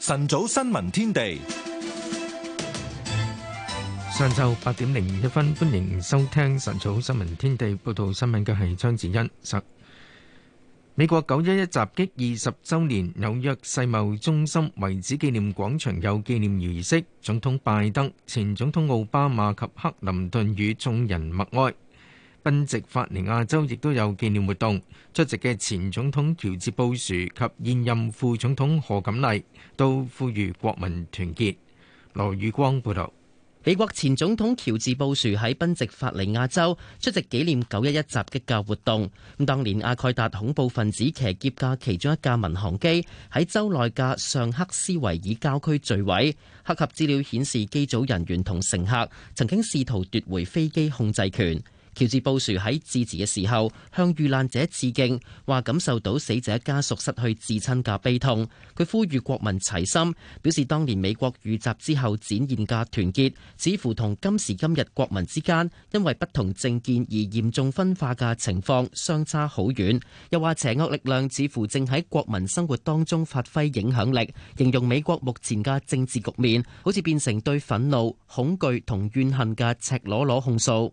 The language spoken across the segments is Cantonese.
晨早新聞天地，上晝八點零一分，歡迎收聽晨早新聞天地。報道新聞嘅係張子欣。十美國九一一襲擊二十周年，紐約世貿中心遺址紀念廣場有紀念儀式，總統拜登、前總統奧巴馬及克林頓與眾人默哀。賓夕法尼亞州亦都有紀念活動，出席嘅前總統喬治布殊及現任副總統賀錦麗都呼籲國民團結，羅宇光報道。美國前總統喬治布殊喺賓夕法尼亞州出席紀念九一一襲擊嘅活動。咁當年阿蓋達恐怖分子騎劫架其中一架民航機喺州內嘅尚克斯維爾郊區墜毀。黑盒資料顯示，機組人員同乘客曾經試圖奪回飛機控制權。喬治布殊喺致辭嘅時候向遇難者致敬，話感受到死者家屬失去至親嘅悲痛。佢呼籲國民齊心，表示當年美國遇襲之後展現嘅團結，似乎同今時今日國民之間因為不同政見而嚴重分化嘅情況相差好遠。又話邪惡力量似乎正喺國民生活當中發揮影響力，形容美國目前嘅政治局面好似變成對憤怒、恐懼同怨恨嘅赤裸裸控訴。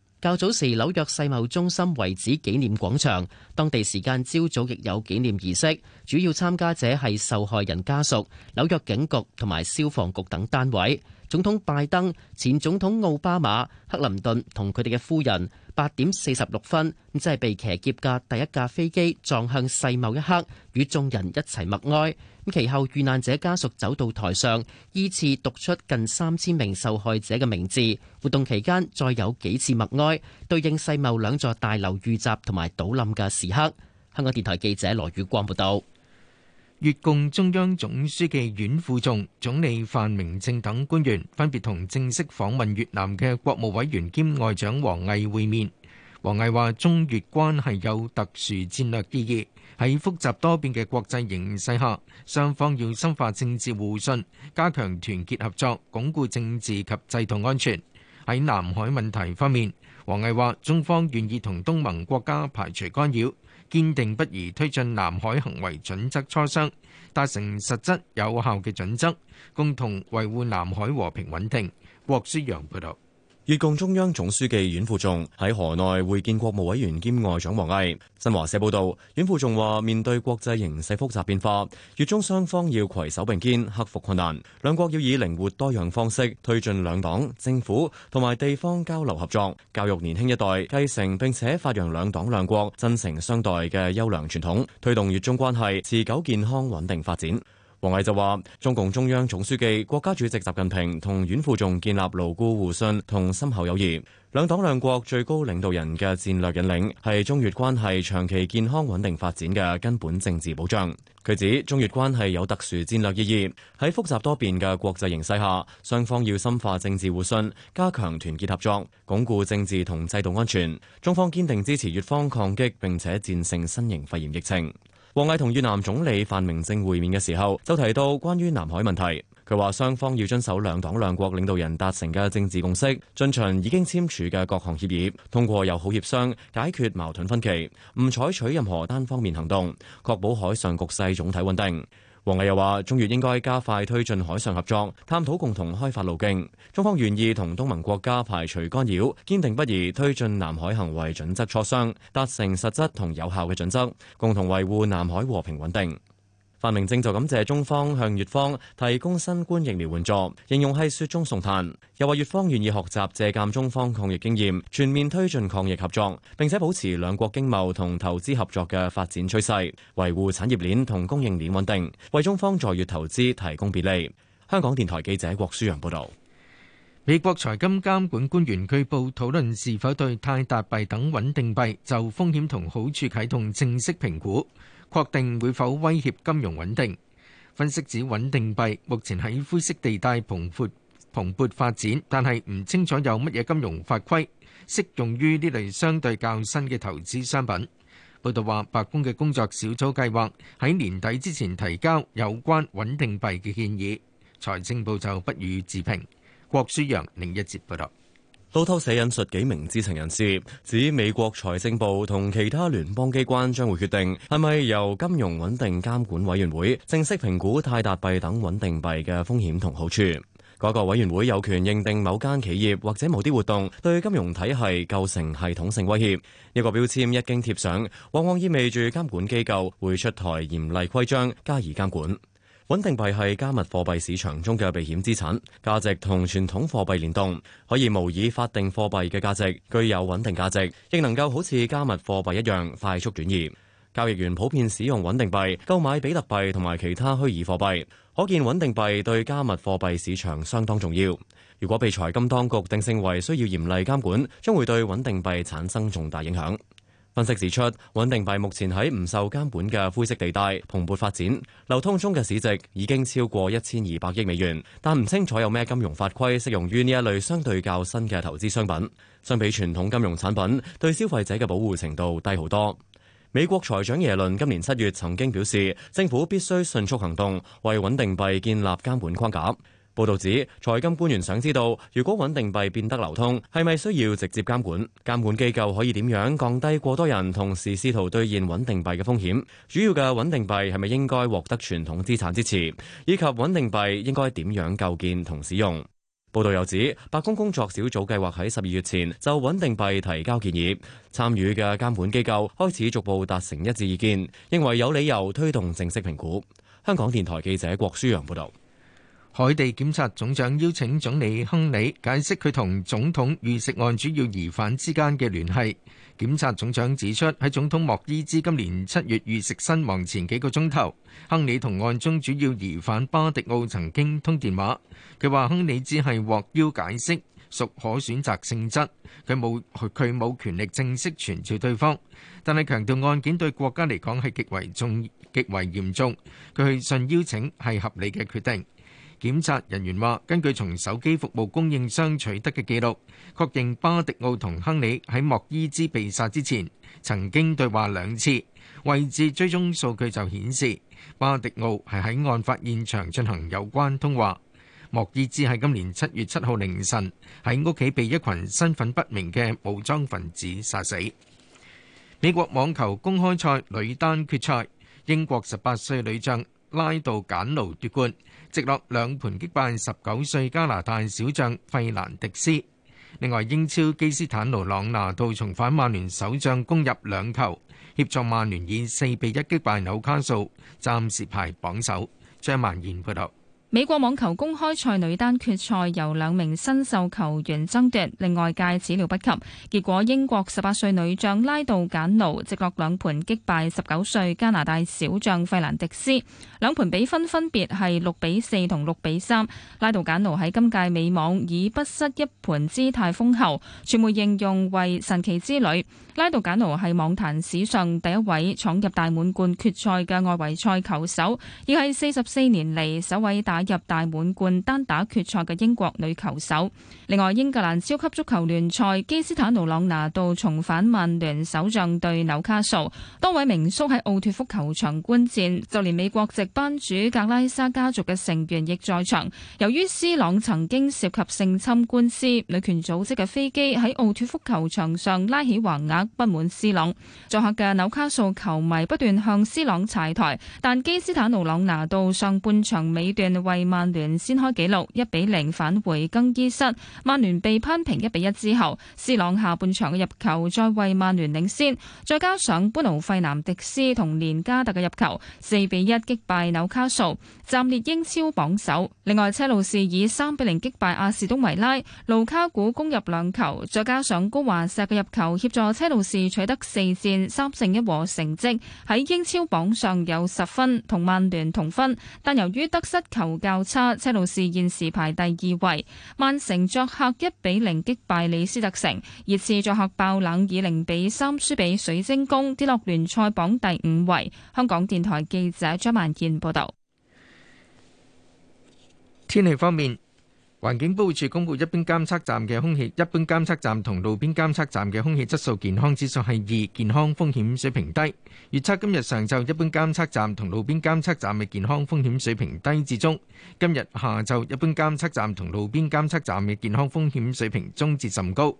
較早時，紐約世貿中心遺址紀念廣場，當地時間朝早亦有紀念儀式，主要參加者係受害人家屬、紐約警局同埋消防局等單位。總統拜登、前總統奧巴馬、克林頓同佢哋嘅夫人，八點四十六分即係被騎劫嘅第一架飛機撞向世貿一刻，與眾人一齊默哀。咁其後遇難者家屬走到台上，依次讀出近三千名受害者嘅名字。活動期間再有幾次默哀，對應世貿兩座大樓遇襲同埋倒冧嘅時刻。香港電台記者羅宇光報導。越共中央總書記阮富仲、總理范明政等官員分別同正式訪問越南嘅國務委員兼外長王毅會面。王毅話：中越關係有特殊戰略意義，喺複雜多變嘅國際形勢下，雙方要深化政治互信，加強團結合作，鞏固政治及制度安全。喺南海問題方面，王毅話：中方願意同東盟國家排除干擾，堅定不移推進南海行為準則磋商，達成實質有效嘅準則，共同維護南海和平穩定。郭舒揚報導。越共中央總書記阮富仲喺河內會見國務委員兼外長王毅。新華社報道，阮富仲話：面對國際形勢複雜變化，越中雙方要携手並肩，克服困難。兩國要以靈活多樣方式推進兩黨、政府同埋地方交流合作，教育年輕一代繼承並且發揚兩黨兩國真誠相待嘅優良傳統，推動越中關係持久、健康、穩定發展。王毅就話：中共中央總書記、國家主席習近平同阮富仲建立牢固互信同深厚友誼，兩黨兩國最高領導人嘅戰略引領係中越關係長期健康穩定發展嘅根本政治保障。佢指中越關係有特殊戰略意義，喺複雜多變嘅國際形勢下，雙方要深化政治互信，加強團結合作，鞏固政治同制度安全。中方堅定支持越方抗擊並且戰勝新型肺炎疫情。王毅同越南總理范明政會面嘅時候，就提到關於南海問題，佢話雙方要遵守兩黨兩國領導人達成嘅政治共識，遵從已經簽署嘅各項協議，通過友好協商解決矛盾分歧，唔採取任何單方面行動，確保海上局勢總體穩定。王毅又話：中越應該加快推進海上合作，探討共同開發路徑。中方願意同東盟國家排除干擾，堅定不移推進南海行為準則磋商，達成實質同有效嘅準則，共同維護南海和平穩定。范明政就感謝中方向越方提供新冠疫苗援助，形容係雪中送炭。又話越方願意學習借鑑中方抗疫經驗，全面推進抗疫合作，並且保持兩國經貿同投資合作嘅發展趨勢，維護產業鏈同供應鏈穩定，為中方在越投資提供便利。香港電台記者郭舒揚報導。美國財金監管官員據報討論是否對泰達幣等穩定幣就風險同好處啟動正式評估。確定會否威脅金融穩定，分析指穩定幣目前喺灰色地帶蓬勃蓬勃發展，但係唔清楚有乜嘢金融法規適用於呢類相對較新嘅投資商品。報道話，白宮嘅工作小組計劃喺年底之前提交有關穩定幣嘅建議，財政部就不予置評。郭舒陽另一節報道。路透社引述幾名知情人士指，美國財政部同其他聯邦機關將會決定係咪由金融穩定監管委員會正式評估泰達幣等穩定幣嘅風險同好處。嗰、那個委員會有權認定某間企業或者某啲活動對金融體系構成系統性威脅。呢個標籤一經貼上，往往意味住監管機構會出台嚴厲規章加以監管。穩定幣係加密貨幣市場中嘅避險資產，價值同傳統貨幣聯動，可以模擬法定貨幣嘅價值，具有穩定價值，亦能夠好似加密貨幣一樣快速轉移。交易員普遍使用穩定幣購買比特幣同埋其他虛擬貨幣，可見穩定幣對加密貨幣市場相當重要。如果被財金當局定性為需要嚴厲監管，將會對穩定幣產生重大影響。分析指出，穩定幣目前喺唔受監管嘅灰色地帶蓬勃發展，流通中嘅市值已經超過一千二百億美元，但唔清楚有咩金融法規適用於呢一類相對較新嘅投資商品。相比傳統金融產品，對消費者嘅保護程度低好多。美國財長耶倫今年七月曾經表示，政府必須迅速行動，為穩定幣建立監管框架。報道指，財金官員想知道，如果穩定幣變得流通，係咪需要直接監管？監管機構可以點樣降低過多人同時試圖兌現穩定幣嘅風險？主要嘅穩定幣係咪應該獲得傳統資產支持？以及穩定幣應該點樣構建同使用？報道又指，白宮工作小組計劃喺十二月前就穩定幣提交建議。參與嘅監管機構開始逐步達成一致意見，認為有理由推動正式評估。香港電台記者郭舒陽報道。海地檢察總長邀請總理亨利解釋佢同總統遇食案主要疑犯之間嘅聯繫。檢察總長指出，喺總統莫伊茲今年七月遇食身亡前幾個鐘頭，亨利同案中主要疑犯巴迪奧曾經通電話。佢話亨利只係獲邀解釋，屬可選擇性質。佢冇佢冇權力正式傳召對方，但係強調案件對國家嚟講係極為重極為嚴重。佢去信邀請係合理嘅決定。檢察人員話：根據從手機服務供應商取得嘅記錄，確認巴迪奧同亨利喺莫伊茲被殺之前曾經對話兩次。位置追蹤數據就顯示巴迪奧係喺案發現場進行有關通話。莫伊茲喺今年七月七號凌晨喺屋企被一群身份不明嘅武裝分子殺死。美國網球公開賽女單決賽，英國十八歲女將拉杜簡奴奪冠。直落兩盤擊敗十九歲加拿大小將費蘭迪斯。另外，英超基斯坦奴朗拿度重返曼聯首仗攻入兩球，協助曼聯以四比一擊敗紐卡素，暫時排榜首。張曼賢報導。美國網球公開賽女單決賽由兩名新秀球員爭奪，令外界始料不及。結果，英國十八歲女將拉杜簡奴直落兩盤擊敗十九歲加拿大小將費蘭迪斯，兩盤比分分別係六比四同六比三。拉杜簡奴喺今屆美網以不失一盤姿態封后，傳媒形容為神奇之旅。拉杜簡奴係網壇史上第一位闖入大滿貫決賽嘅外圍賽球手，亦係四十四年嚟首位大。打入大滿貫單打決賽嘅英國女球手。另外，英格蘭超級足球聯賽基斯坦奴朗拿度重返曼聯首仗對紐卡素，多位名宿喺奧脫福球場觀戰，就連美國籍班主格拉沙家族嘅成員亦在場。由於斯朗曾經涉及性侵官司，女權組織嘅飛機喺奧脫福球場上拉起橫額不滿斯朗，作客嘅紐卡素球迷不斷向斯朗踩台，但基斯坦奴朗拿度上半場尾段為為曼聯先開紀錄一比零返回更衣室，曼聯被扳平一比一之後，斯朗下半場嘅入球再為曼聯領先，再加上般奴費南迪斯同連加特嘅入球，四比一擊敗紐卡素，暫列英超榜首。另外，車路士以三比零擊敗阿士東維拉，盧卡古攻入兩球，再加上高華石嘅入球，協助車路士取得四戰三勝一和成績，喺英超榜上有十分同曼聯同分，但由於得失球較差，車路士現時排第二位，曼城作客一比零擊敗李斯特城，熱刺作客爆冷以零比三輸俾水晶宮，跌落聯賽榜第五位。香港電台記者張萬健報道。天氣方面。環境保護署公布，一般監測站嘅空氣一般監測站同路邊監測站嘅空氣質素健康指數係二，健康風險水平低。預測今日上晝一般監測站同路邊監測站嘅健康風險水平低至中。今日下晝一般監測站同路邊監測站嘅健康風險水平中至甚高。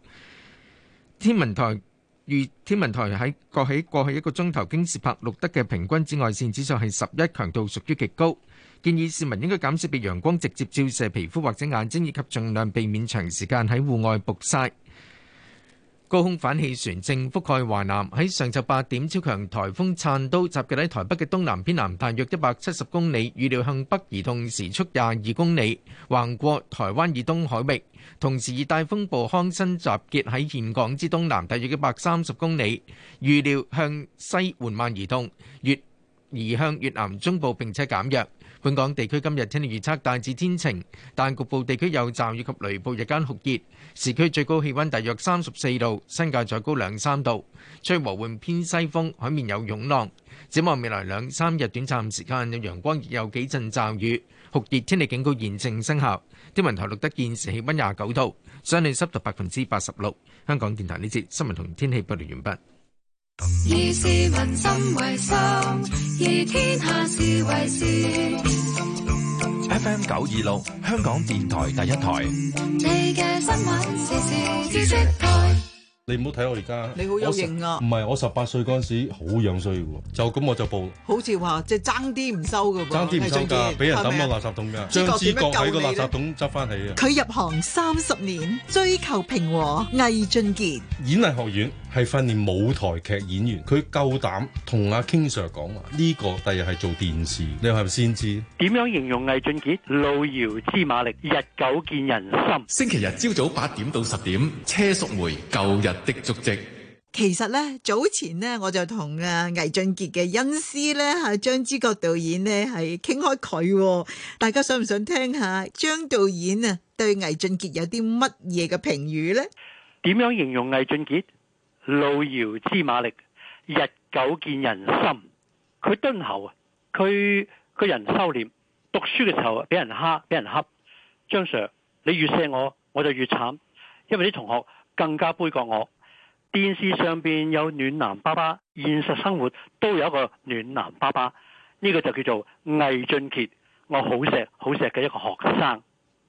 天文台預天文台喺過起過去一個鐘頭京士柏錄得嘅平均紫外線指數係十一，強度屬於極高。建議市民應該減少被陽光直接照射皮膚或者眼睛，以及盡量避免長時間喺戶外曝曬。高空反氣旋正覆蓋華南，喺上晝八點，超強颱風燦都集結喺台北嘅東南偏南大約一百七十公里，預料向北移動，時速廿二公里，橫過台灣以東海域。同時，熱帶風暴康森集結喺峴港之東南大約一百三十公里，預料向西緩慢移動，越移向越南中部並且減弱。本港地區今日天氣預測大致天晴，但局部地區有驟雨及雷暴，日間酷熱，市區最高氣温大約三十四度，新界再高兩三度，吹和緩偏西風，海面有湧浪。展望未來兩三日短暫時間有陽光，亦有幾陣驟雨，酷熱天氣警告現正生效。天文台錄得現時氣温廿九度，相對濕度百分之八十六。香港電台呢節新聞同天氣報告完畢。以市民心為心，以天下事為事。FM 九二六香港電台第一台，你嘅新聞。你唔好睇我而家，你好有型啊！唔係，我十八歲嗰陣時好樣衰嘅喎，就咁我就報。好似話即係爭啲唔收嘅，爭啲唔收㗎，俾人抌落垃圾桶噶，將知覺喺個垃圾桶執翻起。佢入行三十年，追求平和。魏俊傑，演藝學院。係訓練舞台劇演員，佢夠膽同阿 King Sir 講話呢個，第日係做電視，你話係咪先知？點樣形容魏俊傑？路遙知馬力，日久見人心。星期日朝早八點到十點，車淑梅舊日的足跡。其實咧，早前咧，我就同阿魏俊傑嘅恩師咧，係張之國導演咧，係傾開佢。大家想唔想聽下張導演啊？對魏俊傑有啲乜嘢嘅評語咧？點樣形容魏俊傑？路遙知馬力，日久見人心。佢敦厚啊，佢個人收斂。讀書嘅時候俾人蝦，俾人恰。張 Sir，你越錫我，我就越慘，因為啲同學更加杯葛我。電視上邊有暖男爸爸，現實生活都有一個暖男爸爸。呢個就叫做魏俊傑，我好錫好錫嘅一個學生。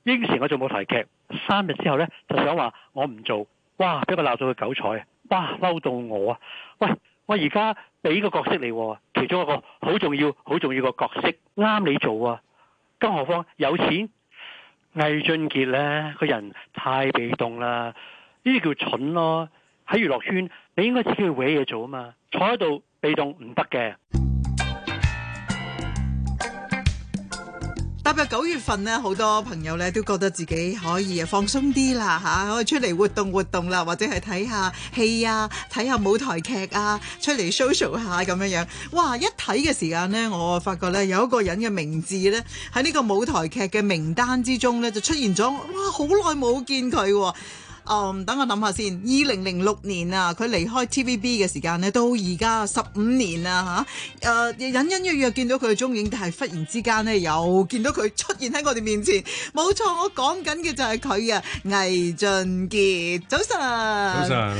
應承我做舞台劇，三日之後呢，就想話我唔做。哇！俾我鬧到佢九彩啊！哇！嬲到我啊！喂！我而家俾個角色你，其中一個好重要、好重要個角色啱你做啊！更何況有錢魏俊傑咧，個人太被動啦，呢啲叫蠢咯！喺娛樂圈，你應該自己去搲嘢做啊嘛，坐喺度被動唔得嘅。咁啊九月份咧，好多朋友咧都覺得自己可以放鬆啲啦吓，可以出嚟活動活動啦，或者係睇下戲啊，睇下舞台劇啊，出嚟 social 下咁樣樣。哇！一睇嘅時間呢，我發覺呢有一個人嘅名字呢喺呢個舞台劇嘅名單之中呢就出現咗。哇！好耐冇見佢喎。嗯，um，等我諗下先。二零零六年啊，佢離開 TVB 嘅時間呢，到而家十五年啦吓。誒，隱隱約約見到佢嘅蹤影，但係忽然之間呢，又見到佢出現喺我哋面前。冇錯，我講緊嘅就係佢啊，魏俊傑，早晨。早